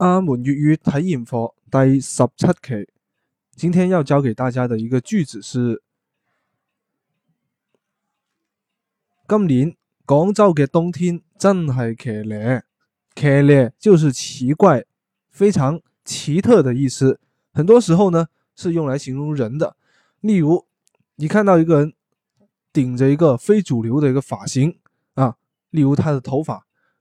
阿門粵語體驗課第十七期，今天要教給大家的一個句子是：今年廣州嘅冬天真係騎呢，騎呢就是奇怪、非常奇特的意思。很多時候呢，是用來形容人的。例如，你看到一個人頂着一個非主流的一個髮型啊，例如他的頭髮。